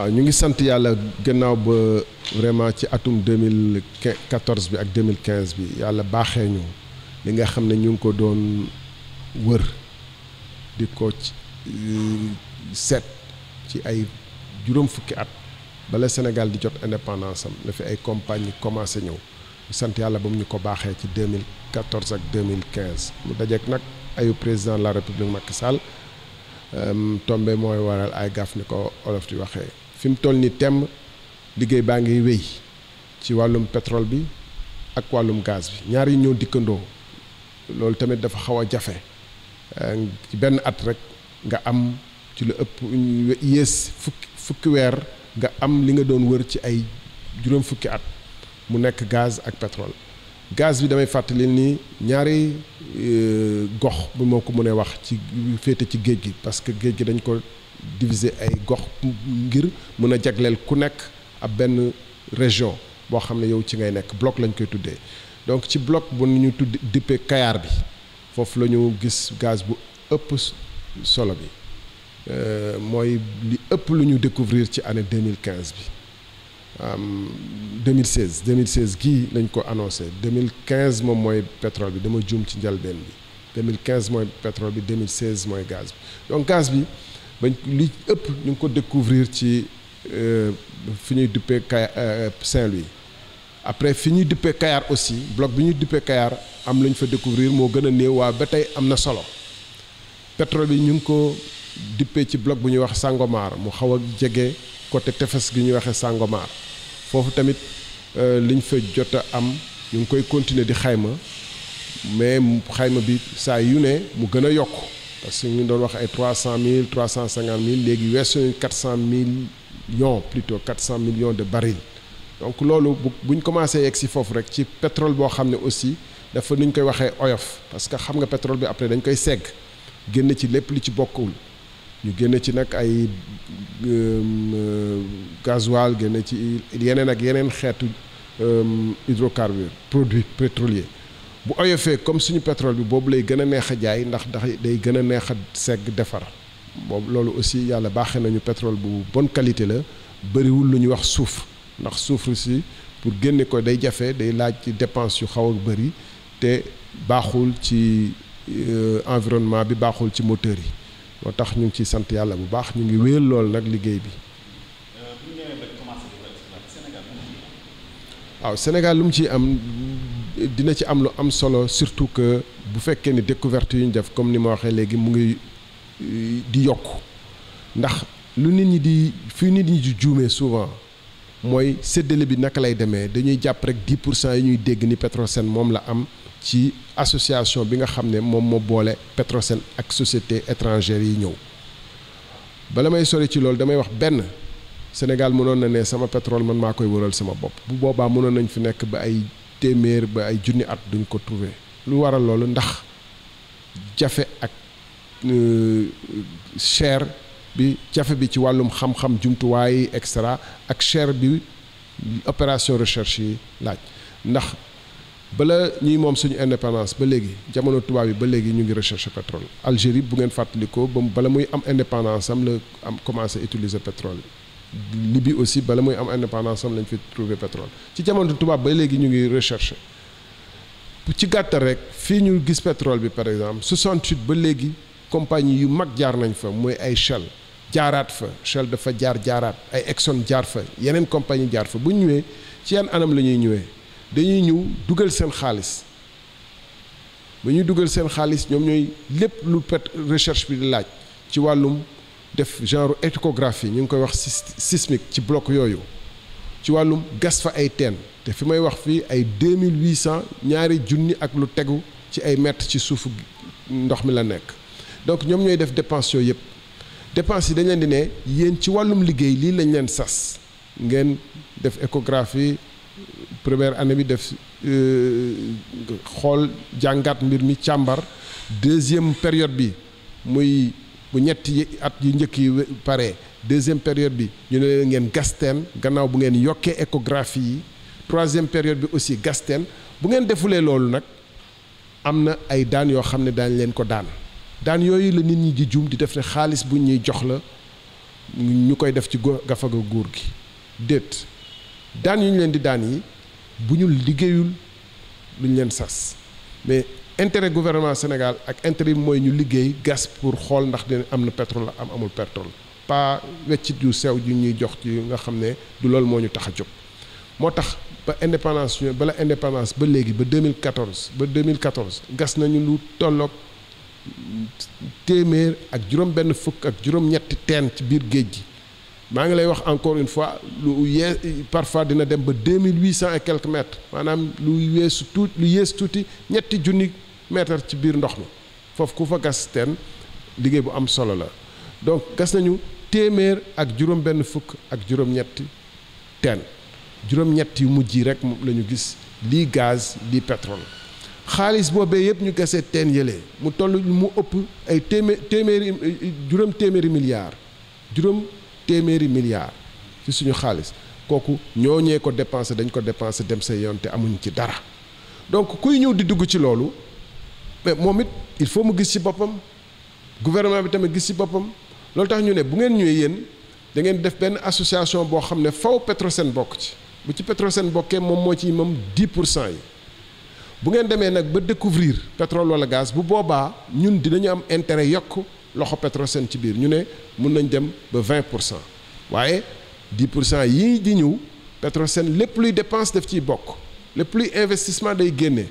waaw ñu ngi sant yàlla gannaaw ba vraiment ci atum 2014 bi ak 2015 bi yàlla baaxee ñu li nga xam ne ñu ngi ko doon wër di ko euh, seet ci ay juróom fukki at bala Sénégal di jot indépendance am dafa ay compagnie commencé ñëw sant yàlla ba mu ñu ko baaxee ci 2014 ak 2015 mu dajeek nag ayu président de la république Macky Sall euh, tombe mooy waral ay gaaf ni ko olof di waxee fi mu toll nii temm liggéey baa ngi wéy ci wàllum pétrole bi ak wàllum gaz bi ñaar yi ñoo dikkandoo loolu tamit dafa xaw a jafe ci benn at rek nga am ci lu ëpp yées fukki fukki weer nga am li nga doon wër ci ay juróom fukki at mu nekk gaz ak pétrole gaz bi damay fàttali nii ñaari euh, gox bu moo ko mënee wax ci féete ci géej gi parce que géej gi dañ ko diviser ay gox ngir mën a jagleel ku nekk ab benn région boo xam ne yow ci ngay nekk block lañ koy tuddee donc ci bloc bu ñu tudd dippe kayaar bi foofu la ñu gis gaz bu ëpp solo bi euh, mooy li ëpp lu ñu découvrir ci année 2015 bi 2016 2016 gii lañ ko annoncé 2015 moom mooy pétrole bi dama jum ci njalbeen bi 2015 mooy pétrole bi 2016 mooy gaz bi donc gaz bi bañ ëpp ñu ngi ko découvrir ci euh, fi ñuy duppee Kayar euh, Saint-Louis après fi ñuy duppee Kayar aussi bloc bi ñuy duppee Kayar am lañ fa découvrir moo gën a néew waa ba tey am na solo pétrole bi ñu ngi ko duppee ci bloc bu ñuy wax Sangomar mu xaw a jege côté tefes gi ñuy waxee Sangomar foofu tamit euh, liñ fa jot a am ñu ngi koy continuer di xayma mais xayma bi saa yu ne mu gën a yokk parce que ñu doon wax ay trois cent mille trois cent cinquante mille léegi weesu nañu quatre cent millions plutôt quatre cent millions de barils donc loolu bu bu ñu commencé yegg si foofu rek ci pétrole boo xam ne aussi dafa nu ñu koy waxee oyof parce que xam nga pétrole bi après dañ koy segg génn ci lépp li ci bokkul ñu génn ci nag ay euh, euh, gasoil génn ci yeneen ak yeneen xeetu euh, hydrocarbures produits pétroliers. bu oyofee comme suñu petrole bi boobu lay gën a neex a jaay ndax ndax day gën a neex a segg defar boobu loolu aussi yàlla baaxee nañu pétrole bu bonne qualité la bëriwul lu ñuy wax suuf ndax soufre si pour génne ko day jafe day laaj ci dépense yu xaw a bëri te baaxul ci euh, environnement bi baaxul ci moteur yi moo tax ñu ngi ciy sant yàlla bu baax ñu ngi wéyal lool nag liggéey bi. Euh, waaw Sénégal lu mu ciy am. dina ci am lu am solo surtout que bu fekkee ni découverte yu ñu def comme ni ma waxee léegi mu ngi euh, di yokk ndax lu nit ñi di fii nit ñi di juumee souvent mooy séddale bi naka lay demee dañuy jàpp rek 10 pour cent yi ñuy dégg ni Petrosen moom la am ci association bi nga xam ne moom moo boole Petrosen ak société étrangère yi ñëw bala may sori ci loolu damay wax benn Sénégal mënoon na ne sama pétrole man maa koy wëral sama bopp bu boobaa mënoon nañu fi nekk ba ay téeméer ba ay junni at duñ ko trouver lu waral loolu ndax jafe ak euh, cher bi jafe bi ci wàllum xam-xam jumtuwaay et cetera ak cher bi opération recherche yi laaj ndax bala ñuy moom suñu indépendance ba léegi jamono tubaab yi ba léegi ñu ngi recherche pétrole Algérie bu ngeen fàttalikoo ba bala muy am indépendance am la am commencé utiliser pétrole Libye aussi bala mooy am indépendance am lañ fi trouver pétrole ci jamono tubaab ba léegi ñu ngi recherche ci gàttal rek fii ñu gis pétrole bi par exemple 68 ba léegi compagnie yu mag jaar nañ fa mooy ay Shell jaaraat fa Shell dafa jaar jaaraat ay Exxon jaar fa yeneen compagnie jaar fa bu ñëwee ci yan anam la ñuy ñëwee dañuy ñëw dugal seen xaalis ba ñuy dugal seen xaalis ñoom ñooy lépp lu pet recherche bi di laaj ci wàllum. def genre échographie ñu ngi koy wax sismique ci bloc yooyu ci wàllum gas fa ay teen te fi may wax fii ay 2800 ñaari junni ak lu tegu ci ay mètres ci suufu ndox mi la nekk donc ñoom ñooy def dépense yooyu yëpp dépense yi dañ leen di ne yéen ci wàllum liggéey lii lañ leen sas ngeen def échographie première année bi def euh, xool jàngat mbir mi càmbar deuxième période bi muy bu ñetti at yu njëkk yi pare deuxième période bi ñu ne leen ngeen gas teen gannaaw bu ngeen yokkee échographie yi troisième période bi aussi gas bu ngeen defulee loolu nag am na ay daan yoo xam ne daañ leen ko daan daan yooyu la nit ñi di jum di def ne xaalis bu ñuy jox la ñu koy def ci gafaga góor gi déet daan yu ñu leen di daan yi bu ñu liggéeyul lu ñu leen sas intérêt gouvernement Sénégal ak intérêt bi mooy ñu liggéey gas pour xool ndax dina am na pétrole am amul pétrole pas weccit yu sew yu ñuy jox ci nga xam ne du loolu moo ñu tax a jog moo tax ba indépendance ba la indépendance ba léegi ba 2014 ba 2014 gas nañu lu tolloog téeméer ak juróom-benn fukk ak juróom-ñetti teen ci biir géej gi. maa ngi lay wax encore une fois lu yee parfois dina dem ba deux mille huit cent et quelques mètres maanaam lu yeesu tuuti lu yees tuuti ñetti junni mètre ci biir ndox mi foofu ku fa gas teen liggéey bu am solo la donc gas nañu téeméer ak juróom benn fukk ak juróom-ñetti teen juróom-ñett yu mujj yi rek moom la ñu gis lii gaz lii pétrole xaalis boobee yëpp ñu gasee teen yëlee mu toll mu ëpp ay téemé téeméeri juróom téeméeri milliards juróom téeméeri milliards ci suñu xaalis kooku ñoo ñooñee ko dépensé dañ ko dépensé dem sa yoon te amuñu ci dara donc kuy ñëw di dugg ci loolu mais moom it il faut mu gis ci boppam gouvernement bi tamit gis ci boppam loolu tax ñu ne bu ngeen ñëwee yéen da ngeen def benn association boo xam ne faw Petrosen bokk ci bu ci Petrosen bokkee moom moo ci moom 10 pour yi bu ngeen demee nag ba découvrir pétrole wala gaz bu boobaa ñun dinañu am intérêt yokk loxo Petrosen ci biir ñu ne mun nañ dem ba 20 pour cent waaye 10 pour cent yii di ñëw Petrosen lépp luy dépense def ciy bokk lépp luy investissement day génnee.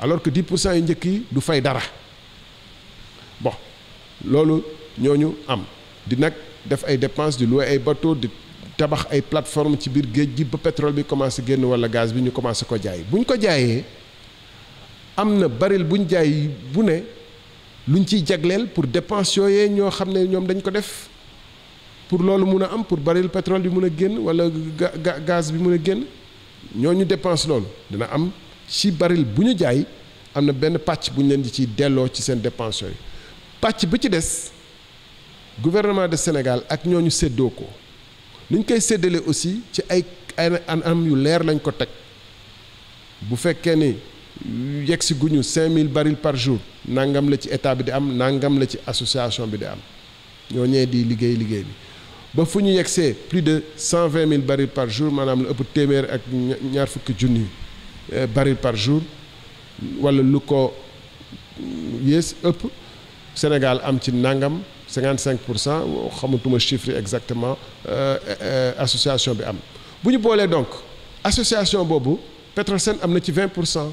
alors que 10 pour cent yu njëkk yi du fay dara bo loolu ñoo ñu am di nag def ay dépenses di louer ay bateau di tabax ay plateforme ci biir géej gi ba pétrole bi commencé génn wala gaz bi ñu commencé ko jaay bu ñu ko jaayee am na baril buñ jaay bu ne luñ ciy jagleel pour dépense yooyee ñoo xam ne ñoom dañ ko def pour loolu mun a am pour baril pétrole bi mun a génn wala gaz bi mun a génn ñoo ñu dépense loolu dina am ci baril bu ñu jaay am na benn pàcc bu ñu leen di ciy delloo ci seen dépense yooyu pàcc bi ci des gouvernement de Sénégal ak ñooñu séddoo ko ni ñu koy séddalee aussi ci ay an am yu leer lañ ko teg bu fekkee ni yegg si guñu 5000 baril par jour nangam la ci état bi di am nangam la ci association bi di am ñoo ñee di liggéey liggéey bi ba fu ñu yegg see plus de 120 000 baril par jour maanaam la ëpp téeméer ak ñaar fukki junni. Euh, baril par jour wala lu ko yées ëpp Sénégal am ci nangam 55 pour cent xamatuma chiffre exactement euh, euh, association bi am bu ñu boolee donc association boobu Petrosen am na ci 20 pour cent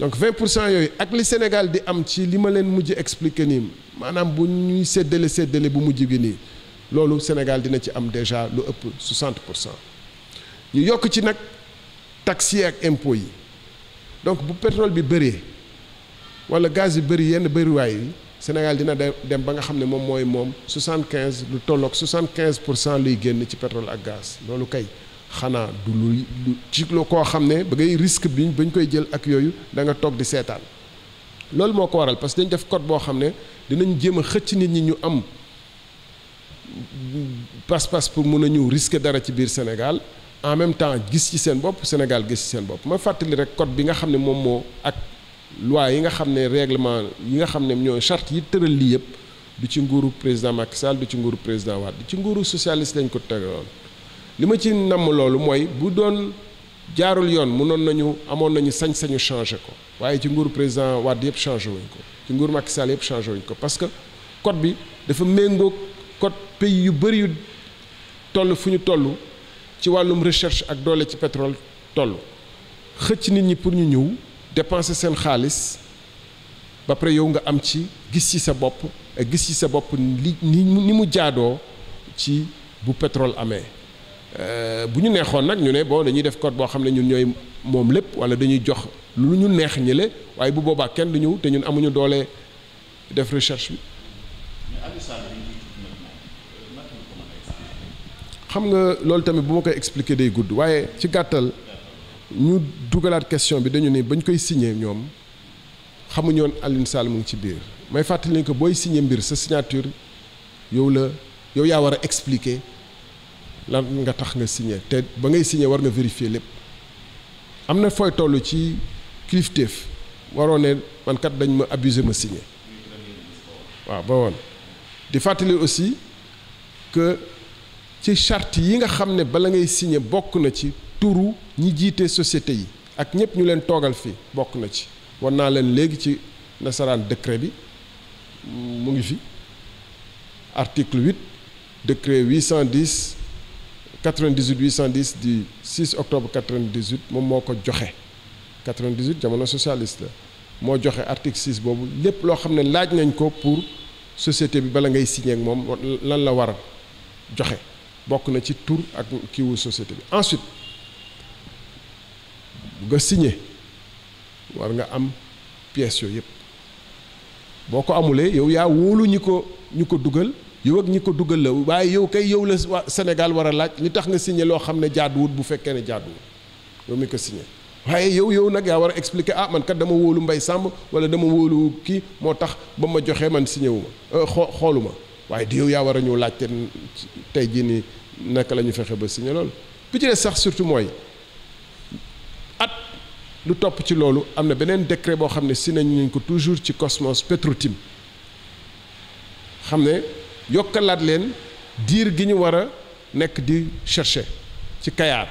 donc 20 pour cent yooyu ak li Sénégal di am ci li ma leen mujj expliqué nii maanaam bu ñuy séddale séddale bu mujj gi nii loolu Sénégal dina ci am déjà lu ëpp 60 pour cent ñu yokk ci nag. taxes yi ak impôts yi donc bu pétrole bi bëree wala gaz yi bëri yenn bëriwaay yi Sénégal dina dem ba nga xam ne moom mooy moom 75 lu tolloog 75 pour cent luy génn ci pétrole ak gaz loolu kay xanaa du lu ci lu koo xam ne ba ngay risque bi bañ koy jël ak yooyu da nga toog di seetaan loolu moo ko waral parce que dañ def code boo xam ne dinañ jéem a xëcc nit ñi ñu am passe-passe pour mun a ñëw risque dara ci biir Sénégal. en même temps gis ci seen bopp Sénégal gis ci seen bopp ma fàttali rek code bi nga xam ne moom moo ak loi yi nga xam ne règlement yi nga xam ne ñooy charte yi tëral lii yëpp du ci nguuru président Macky Sall du ci nguuru président Wade du ci nguuru socialiste lañ ko tegaloon li ma ci namm loolu mooy bu doon jaarul yoon mënoon nañu amoon nañu sañ-sañu changé ko waaye ci nguuru président Wade yëpp changé wuñ ko ci nguuru Macky Sall yëpp changé wuñ ko parce que code bi dafa méngoo code pays yu bëri toll fu ñu toll ci wàllum recherche ak doole ci pétrole toll xëcc nit ñi pour ñu ñëw dépenser seen xaalis ba pare yow nga am ci gis ci sa bopp eh, gis ci sa bopp li ni mu jaadoo ci bu pétrole amee euh, bu ñu neexoon nag ñu ne bon dañuy def code boo xam ne ñun ñooy moom lépp wala dañuy jox lu ñu neex ñële waaye bu boobaa kenn du ñëw te ñun amuñu doole def recherche bi xam nga loolu tamit bu ma koy expliquer day gudd waaye ci gàttal ñu dugalaat question bi dañu ne bañ koy signé ñoom xamuñu woon Alioune Sall mu ngi ci biir may fàttali ne que booy signé mbir sa signature yow la yow yaa war a expliquer lan nga tax nga signé te ba ngay signé war nga vérifier lépp am na fooy toll ci kilifteef waroo ne man dañ ma abuser ma signé waaw ba woon di fàttali aussi que. ci charte yi nga xam ne bala ngay signé bokk na ci turu ñi jiite société yi ak ñëpp ñu leen toogal fii bokk na ci war naa leen léegi ci nasaraan décret bi mu ngi fi article 8 décret 810 98 810 du 6 octobre 98 moom moo ko joxe 98 jamono socialiste la moo joxe article boobu lépp loo xam ne laaj nañ ko pour société bi bala ngay signé ak moom lan la war a joxe bokk na ci tur ak kiiwu société bi ensuite bu nga signé war nga am pièces yooyu yëpp boo ko amulee yow yaa wóolu ñi ko ñu ko dugal yow ak ñi ko dugal la waaye yow kay yow la Sénégal war a laaj li tax nga signé loo xam ne jaaduwut bu fekkee ne jaaduwut yow mi ko signé waaye yow yow nag yaa war a expliquer ah man kat dama wóolu Mbay Sàmb wala dama wóolu kii moo tax ba ma joxee man signé wu ma euh, xoolu ma waaye di yow yaa war a ñëw laajte tey jii nii naka la fexe ba signé loolu bi ci sax surtout mooy at lu topp ci loolu am na beneen décret boo xam ne signé nañ ko toujours ci Cosmos Petrotim xam ne yokkalaat leen diir gi ñu war a nekk di chercher ci Kayar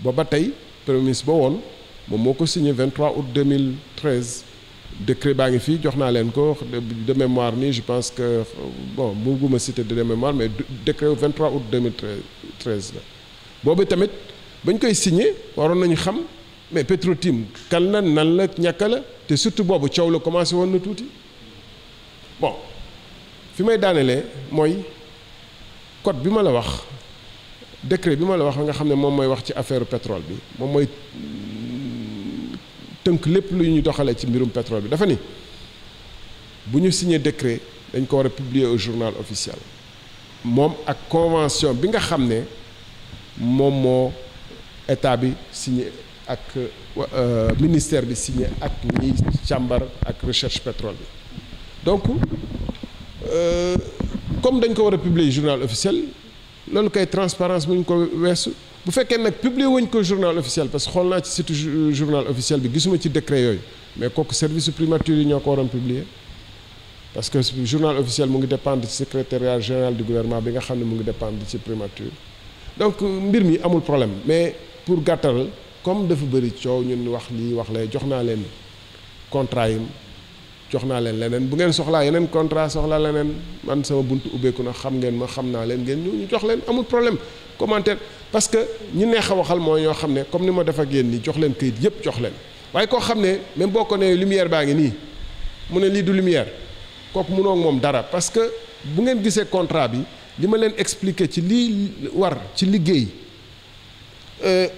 booba tey premier ministre ba woon moom moo ko signé 23 août 2013 décret baa ngi fii jox naa leen ko de mémoire nii je pense que bo bon bëgguma citer de mémoire mais décret 23 août 2013 la boobu tamit bañ koy signé waroon nañu xam mais Petrotim kan la nan la ñàkk la te surtout boobu coow la commencé woon na tuuti bo fi may daanelee mooy code bi ma la wax décret bi ma la wax nga xam ne moom mooy wax ci affaire pétrole bi moom mooy tënk lépp lu ñu doxalee ci mbirum pétrole bi dafa ni bu ñu signé décret dañ ko war a publier au journal officiel moom ak convention bi nga xam ne moom moo état bi signé ak euh, ministère bi signé ak ñi càmbar ak recherche pétrole bi donc euh, comme dañ ko war a publier journal officiel loolu kay transparence bu ñu ko weesu bu fekkee nag publier wuñ ko journal officiel parce que xool naa ci site euh, journal officiel bi gisuma ci décret yooyu mais kooku service primature yi ñoo ko waroon publier parce que journal officiel mu ngi dépendre ci secrétariat général du gouvernement bi nga xam ne mu ngi dépendre ci primature donc euh, mbir mi amul problème mais pour gàttal comme dafa bëri coow ñun wax lii wax lay jox naa leen contrat yi jox naa leen leneen bu ngeen soxlaa yeneen contrat soxla leneen man sama buntu ubbeeku na xam ngeen ma xam naa leen ngeen ñëw ñu jox leen amul problème commentaire parce que ñi neex a waxal mooy ñoo xam ne comme ni ma def ak yéen nii jox leen këyit yëpp jox leen waaye koo xam ne même boo ko nee lumière baa ngi nii mu ne lii du lumière kooku mënoo moom dara parce que bu ngeen gisee contrat bi li ma leen expliquer ci lii war ci liggéey euh,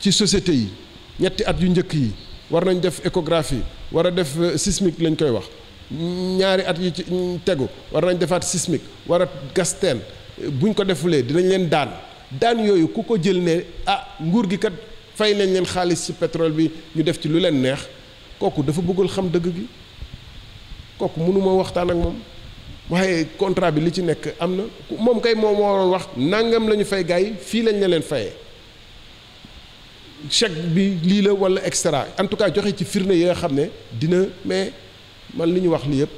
ci societé yi ñetti at yu njëkk yi war nañ def échographie war a def euh, sismique lañ koy wax ñaari at yi ci mm, tegu war nañ defaat sismique war a gas teen buñ ko defulee dinañ leen daan daan yooyu ku ko jël ne ah nguur gi kat fay nañ leen xaalis ci pétrole bi ñu def ci lu leen neex kooku dafa bëggul xam dëgg gi kooku mënuma waxtaan ak moom waaye contrat bi li ci nekk am na moom kay moom moo waroon wax nangam la ñu fay gars yi fii lañ la leen fayee. chèque bi lii la wala extra en tout cas joxe ci firnde yi nga xam ne dina mais man li ñu wax ni yëpp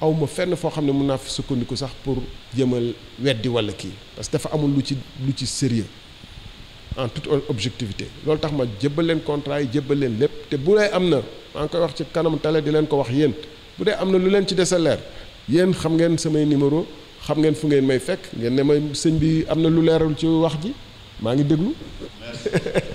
awma fenn foo xam ne mun naa fi sukkandiku sax pour jëmal weddi wala kii parce que dafa amul lu ci lu ci sérieux en toute objectivité loolu tax ma jébbal leen contrat yi jébbal leen lépp te bu dee am na maa ngi koy wax ci kanamu tale di leen ko wax yéen bu dee am na lu leen ci des a leer yéen xam ngeen samay numéro xam ngeen fu ngeen may fekk ngeen ne may sëñ bi am na lu leeral ci wax ji maa ngi déglu.